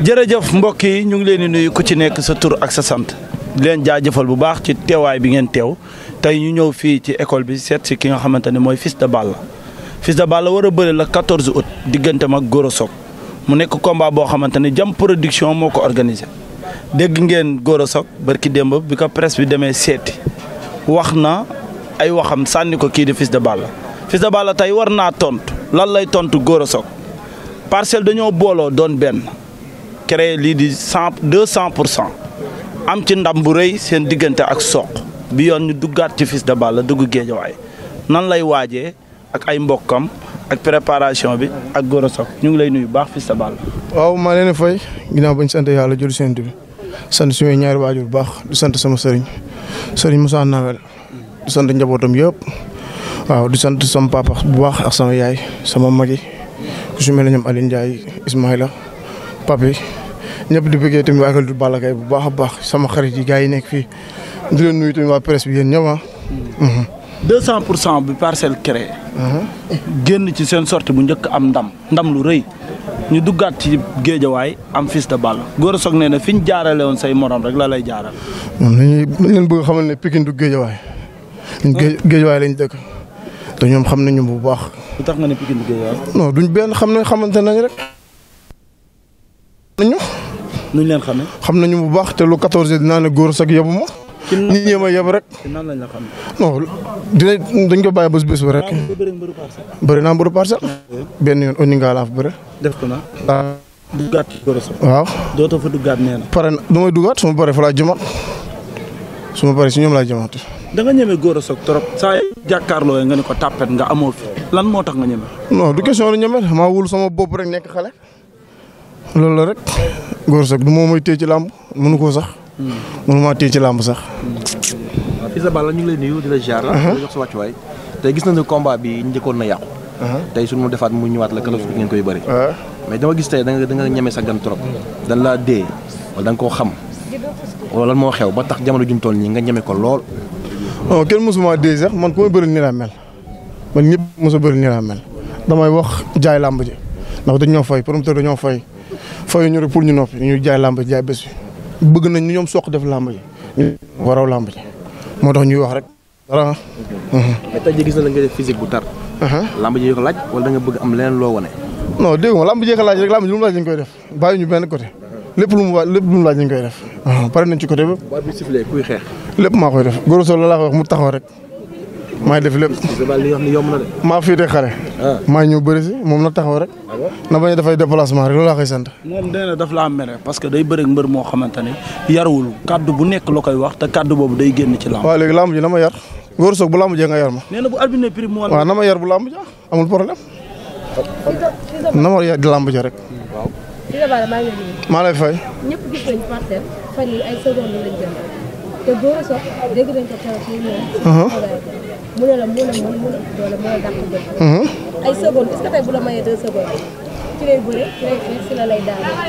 jërëjëf mbokk yi ñu ngi leen di nuyu ku ci nekk sa tur ak sa sant di leen jaajëfal bu baax ci teewaay bi ngeen teew tey ñu ñëw fii ci école bi seet si ki nga xamante ne mooy Fils de Balla Fils de Balla war a bëri la 14 août digganteem ak Goro Sock mu nekk combat boo xamante ne jam production moo ko organisé dégg ngeen Goro Sock barki démb bi ko presse bi demee seeti wax na ay waxam sànni ko kii di Fils de Balla Fils de Balla tey war naa tontu lan lay tontu Goro Sock parcelle dañoo booloo doon benn. créé lii di cent deux cent pour cent am ci ndam bu rëy seen diggante ak soq bi yoon ñu duggaat ci Fils de Balla dugg géejawaay nan lay waajee ak ay mbokkam ak préparation bi ak Gora Sock ñu ngi lay nuy nuyu baax Fils de Balla. waaw maa leen fay ginnaaw bañ sant yàlla jël seen bi sant suñu ñaari waajur bu baax du sant sama sëriñ sëriñ Moussa Nawel di sant njabootam yëpp waaw di sant sama papa bu baax ak sama yaay sama magi ku su mel ne ñoom Alioune Ndiaye Ismaïla papi ñëpp di bëggee tamit waa du Balla bu baax a baax sama xarit yi nekk fii di leen nuyu waa presse bi yéen ñëpp ah. hmm. pour cent bi parcelle créé. Hmm. génn ci seen sortie bu njëkk am ndam ndam lu rëy ñu duggaat ci géejawaay am fils de Balla Gora Sock nee na fi ñu jaarale woon say morom rek la lay jaaral. ñun hmm, dañ leen bëgg xamal ne Pikine du géejawaay. ñun géejawaay lañ dëkk. te ñoom xam nañu bu baax. lu du géejawaay. benn xam ne xamante rek. nañu. nuñ leen xamee. xam nañu bu baax te lu 14 dinaa ne góor sax yabu ma. ci nan ñi ñeema yab rek. ci nan lañ la xam. non dinañ dañ ko bàyyi bés bés ba rek. bëri naa mbëru parcelle. benn yoon Oninga laa fa bëre. def ko naa. duggaat góor sax. dootoo fa duggaat nee na. pare na du may duggaat laa jëmaat su ma paree si ñoom laa jëmaat. da nga ñeme góor a soog trop. saa yu jàkkaarloo nga ne ko tàppet nga amoo fi. lan moo tax nga ñeme. non du question lu ñeme maa wul sama bopp rek nekk xale. loolu la rek góor sax du moo mooy téye ci làmb mënu koo sax. Hmm. mënu maa téye ci làmb sax. Hmm. waaw Fils de Balla ñu ngi lay nuyu di la jaar. Uh-huh. di jox sa gis na ne combat bi njëkkoon na yàqu. Uh-huh. tey suñu defaat mu ñëwaat la kalaf bi ngeen koy bëri. Uh-huh. mais dama gis tey da da nga ñeme sa gan trop. dañ laa dee da koo xam wala lan moo xew ba tax jamono juñ toll nii nga ñeme ko lool. non kenn mosuma dee sax man ku may bëri nii laa mel man ñëpp mos a bëri nii laa mel damay wax jaay làmb ji ndax dañ ñoo fay promoteur dañoo fay. fayu ñu rek pour ñu noppi ñu jaay làmb ji jaay bés bi bëgg nañ ñoom soq def làmb ji ñu waraw làmb moo tax ñuy wax rek dara. Mhm. mais tey jii gis na la nga def bu tar. Uh-huh. làmb ji ko laaj wala da nga bëgg am leneen loo wane. noo dégg nga làmb ji ko laaj rek làmb ji lu mu laaj dañ koy def bàyyi ñu benn côté lépp lu mu wa lépp lu mu laaj koy def uh-huh. pare nañ ci côté ba. waa bi lépp maa koy def góor soo la laa mu taxaw rek. maay def lépp. maa féetee xare. maa ñëw bëri si moom na taxaw rek. na bañ a dafay déplacement rek loolu laa koy sant. moom nee na daf laa mere parce que day bëri mbër moo xamante ne yarul kaddu bu nekk loo koy wax te kaddu boobu day génn ci lamb. waaw léegi lamb ji na ma yar góor soog bu lamb jee nga yar ma. nee na bu albiné prix mu. waaw na ma yar bu lamb ji amul problème. na ma yar di lamb ji rek. maa lay fay. mu ne la mu ne mu ne doole mu ne mhm. ay secondes est-ce que tey bu la mayee deux secondes ci lay bëre ci ci la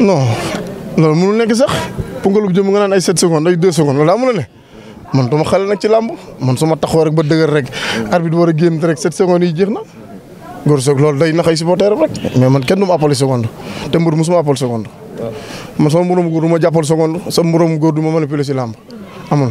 loolu mënul nekk sax pungalub jëm nga naan ay sept secondes ay deux secondes loolu daa ne. man dama xale nag ci làmb man suma taxoo rek ba dëgër rek war a génn rek set secondes yi jeex na. góor soog loolu day naxay supporter rek mais man kenn du ma appelé seconde te mbër musuma appelé seconde. Ah. man sama moromu mu du ma jàppal seconde sama moromu góor du ma manipulé si làmb amul.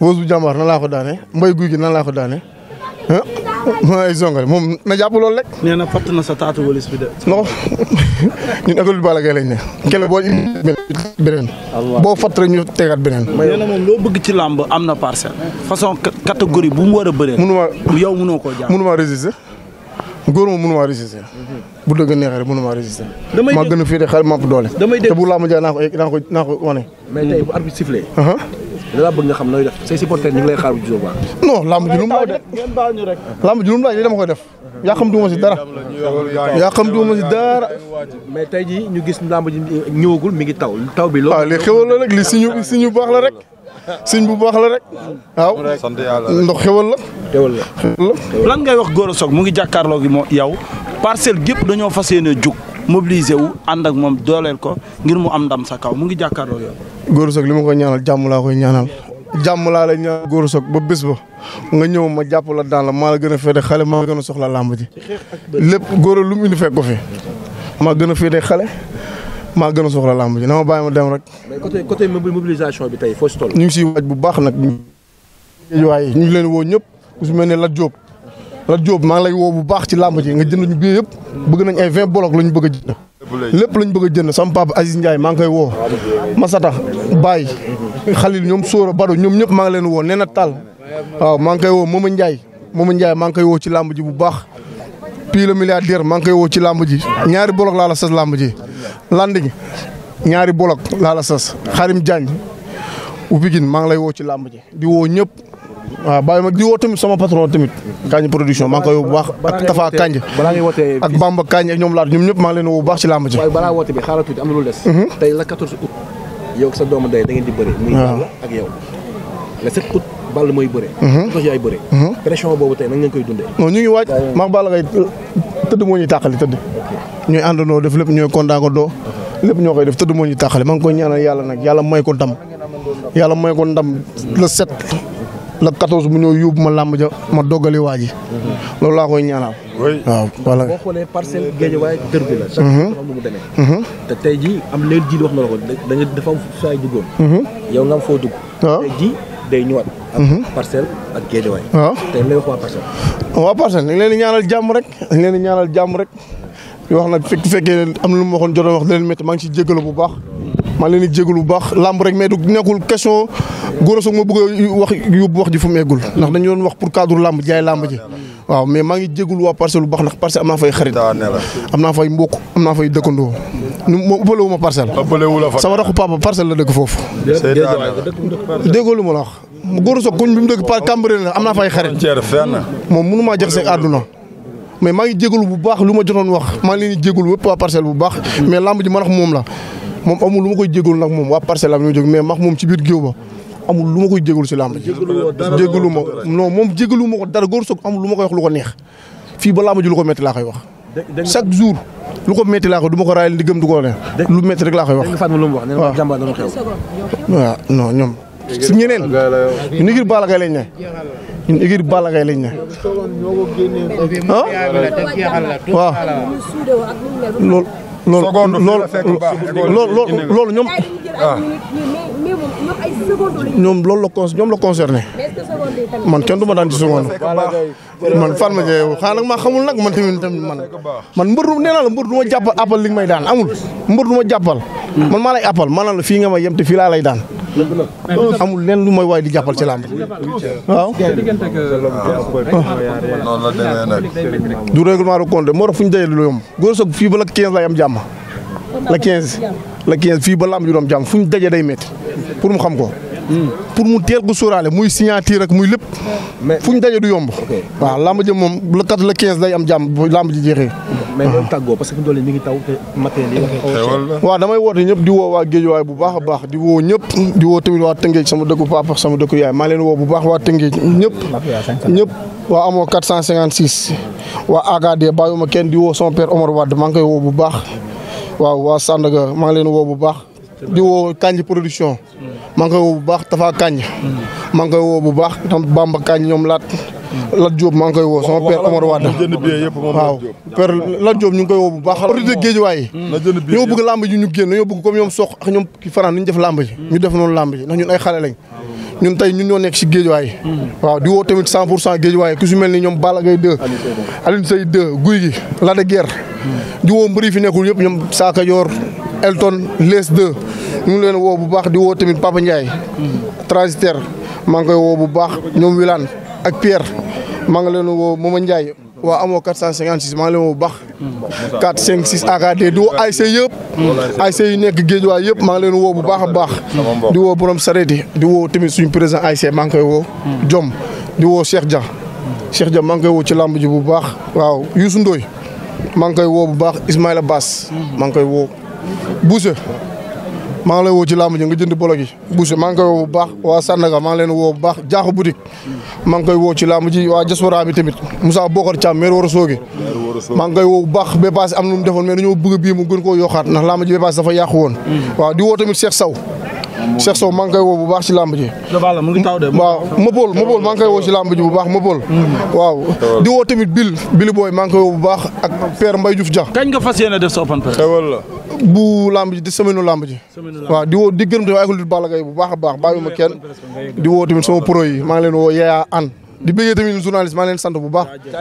wóos bu jàmbaar laa ko daane mbay guy gi nan laa ko daane ah ay zongale moom na jàpp loolu rek. nee na fàtt na sa taatu wëlis bi de. non ñun école Balla lañ ne. kenn boo beneen beneen. boo fàtt ñu tegaat beneen. nee na bëgg ci làmb am na parcel façon catégorie bu mu war a bëree. mënuma yow mënoo koo jàpp mënuma résister. góor moom mënuma résister. bu dëgg neexee rek mënuma résister. damay dégg maa gën a féete xel maa doole. damay dégg te bu làmb ja naa ko naa ko naa ko wane. mais tey dala bëgg nga xam nooy def say supporters ñu ngi lay xaar bu juróom waaw. non làmb ji lu mu laaj de làmb ji lu mu laaj de dama koy def. yaa xam duuma si dara. yaa xam duuma si dara. mais tey jii ñu gis làmb ji ñëwagul mi ngi taw taw bi. loolu waaw ah, li xewal la rek li si ñu si ñu baax la rek. sëñ bu baax la rek. waaw sant yàlla ndox xewal la. xewal la lan ngay wax Gora Sock mu ngi jàkkaarloo gi moo yow parcelle gépp dañoo fas yéene jug. mobiliser wu ànd ak moom dooleel ko ngir mu am ndam sa kaw mu ngi jàkkaarloo yow. Gora Sock li ma koy ñaanal jàmm laa koy ñaanal jàmm laa lay ñaanal Gora Sock ba bis ba nga ñëw ma jàpp la daan la maa la gën a féete xale maa gën a soxla làmb ji lépp góor lu mu indi ko fi maa gën a féete xale maa gën a soxla làmb ji na ma bàyyi ma dem rek. mais côté côté mobilisation bi tey foo si toll. ñu ngi siy waaj bu baax nag. waaye ñu ngi leen woo ñëpp ku si mel ne la jóob Lat Diop maa ngi lay woo bu baax ci làmb ji nga jënd ñu biyee yëpp bëgg nañ ay vingt bolok lañ bëgg a jënd lépp lañ bëgg a jënd sama papa Aziz Ndiaye maa ngi koy woo Masata Baye Khalil ñoom Sóora Bado ñoom ñëpp maa ngi leen woo nee na Tall waaw maa ngi koy woo Mooma Ndiaye Mooma Ndiaye maa ngi koy woo ci làmb ji bu baax pii le milliardaire maa ngi koy woo ci làmb ji ñaari bolok laa la sas làmb ji landing ñaari bolok laa la sas Xarim Diagne u Bigin maa ngi lay woo ci làmb ji di woo ñëpp waaw bàyyi ma di woo tamit sama patron tamit Kañ production maa ngi koy wax ak Tafa Kañ ak Bamba Kañ ak ñoom laat ñoom ñëpp maa ngi leen woo bu baax ci làmb ji waaye balaa mhm. sa doomu da ngeen di bëri muy Balla ak yow le 7 août Balla mooy bëre dox mhm. yaay bëre mhm. pression boobu tey nan ngeen koy dundee non ñu ngi waaj maa Balla ngay tëdd moo ñuy tàqali tëdd ñooy àndandoo def lépp ñooy kondaango doo lépp ñoo koy def tëdd moo ñuy tàqali maa ngi koy ñaanal yàlla nag yàlla may ko ndam yàlla may ko ndam le 7 la 14 mu ñëw yóbbu ma làmb ja ma doggali waa ji. Mhm. loolu laa koy ñaanal. waaw voilà boo xoolee parcelle géej waaye dër bi la. chaque fois mhm. mu demee. Mhm. te tey jii am leen ji wax da nga dafa am saa yu duggoon. yow nga am foo dugg. waaw tey jii day ñëwaat. ak parcelle ak géej waaye. waaw tey waa parcelle. leen ñaanal jàmm rek leen ñaanal jàmm rek. wax nag fekk fekkee am lu ma waxoon jot a leen métti maa ngi ci bu baax. maa leen di jégalu bu baax làmb rek mais du nekkul question Gora ma bëgg wax yóbbu wax ji fu mu eggul ndax dañu doon wax pour cadre làmb jaay làmb ji waaw mais maa ngi jégalu waa parcelle bu baax ndax parcelle am naa fay xarit am naa fay mbokk am naa fay dëkkandoo moom ëppale wu ma parcelle sama raxu papa parcelle la dëkk foofu déggoo lu ma la wax Gora Sock bi mu dëkk par Cambérène la am naa fay xarit moom mënu maa jaxase àdduna mais maa ngi jégalu bu baax lu ma jotoon wax maa ngi leen di jégalu wépp waa parcelle bu baax mais làmb ji ma rax moom la moom amul lu ma koy jégalu nag moom waa parcelle am ñu jóg mais max moom ci biir géew ba amul lu ma koy jégalu si làmb jégalu ma non moom jégalu ma ko dara góor soog amul lu ma koy wax lu ko neex fii ba làmb ji lu ko metti laa koy wax chaque jour lu ko metti laa ko du ma ko raayal di gëm du ko lu metti rek laa koy wax waaw non ñoom si ñeneen ñun igir Balla Gaye lañ ne ñun igir Balla Gaye lañ ne ah waaw loolu loolu loolu loolu ñoom. ñoom loolu la con ñoom la concerné. man kenn du ma daan ci seconde. man Fatma Gueye xanaa nag maa xamul nag man tamit tamit man. man mbër du nee naa la mbër du ma jàppal appal li nga may daan amul. mbër du ma jàppal. Hmm. man maa lay appal maanaam la fii nga ma yem te laa lay daan. amul leen lu may waay di jàppal ci làmb waaw. du règlement de compte moo tax fu ñu dajale lu yomb. góor soog fii ba la 15 lay am jàmm la 15 la 15 fii ba làmb ju doom jàmm fu ñu daje day mett pour mu xam ko. pour mu teel ko sóoraale muy signature rek muy lépp. fu ñu daje du yomb. waaw làmb ji moom la 4 la 15 day am jàmm bu làmb ji jeexee. mais doon tàggoo parce que doole mi ngi taw te damay woote ñëpp di woo waa Géejawaay bu baax a baax di woo ñëpp di woo tamit waa Tëngéej sama dëkku papa sama dëkku yaay maa leen woo bu baax waa Tëngéej ñëpp ñëpp waa amoo 456 waa AKD bàyyuma kenn di woo son père Omar maa ngi woo bu baax waaw waa Sandaga maa ngi leen woo bu baax di woo Kanji production maa ngi koy woo bu baax Tafa Kanji maa ngi koy woo bu baax tam Bamba Kanji ñoom laat Lat Diop maa ngi koy woo sama père Omar Wade waaw père Lat Diop ñu ngi koy woo bu baax autorité Guédiawaye waay ñoo bëgg làmb ji ñu génn ñoo bëgg comme ñoom soq ak ñoom ki faran ni def làmb ji ñu def noonu làmb ji ndax ñun ay xale lañ ñun tey ñun ñoo nekk si Guédiawaye waaw di woo tamit cent pour cent Guédiawaye ku si mel ni ñoom Balla Gaye 2 Alioune Seye 2 Guy gi Lac de Guiers di woo mbëri fi nekkul yëpp ñoom Saka Yor Elton les deux ñu ngi leen woo bu baax di woo tamit Papa Ndiaye hmm. transitaire maa ngi koy woo bu baax ñoom Wilane ak Pierre maa ngi leen woo Mama Ndiaye waa amoo 456 maa ngi leen woo baax 456 AKD di woo ASC yëpp ASC yu nekk géej waay yëpp maa ngi leen woo bu baax a baax di woo borom sareet yi di woo tamit suñu président ASC maa ngi koy woo Diom di woo Cheikh Dia Cheikh Dia maa ngi koy woo ci làmb ji bu baax waaw Youssou Ndoye maa ngi koy woo bu baax Ismaïla Bass maa ngi koy woo Bousse maa ngi lay woo ci làmb ji nga jënd bolo gi maa bu baax waa Sandaga maa ngi leen woo bu baax jaaxu boutique maa ngi koy ci làmb waa diaspora bi tamit Moussa Bokar Thiam maire war a sooge maa ngi koy woo bu baax bee paase am na mu defoon mais dañoo bëgg bii mu gën koo yokkaat ndax làmb ji bee paase dafa yàqu woon waaw di woo tamit Cheikh Sow Cheikh Sow maa ngi koy bu baax ci làmb ji waaw Mopol Mopol maa ngi koy woo ci làmb ji bu baax Mopol mm. waaw di woo tamit Bill Billy Boy maa ngi koy bu baax ak Père Mbaye Diouf Dia kañ nga fas bu lamb ji di semaine lamb ji. waaw di woo di gërëm tamit ay ko bu baax a baax bàyyi ma kenn. di woo tamit sama maa ngi leen woo Yaya An. di bëggee tamit journaliste maa ngi leen sant bu baax.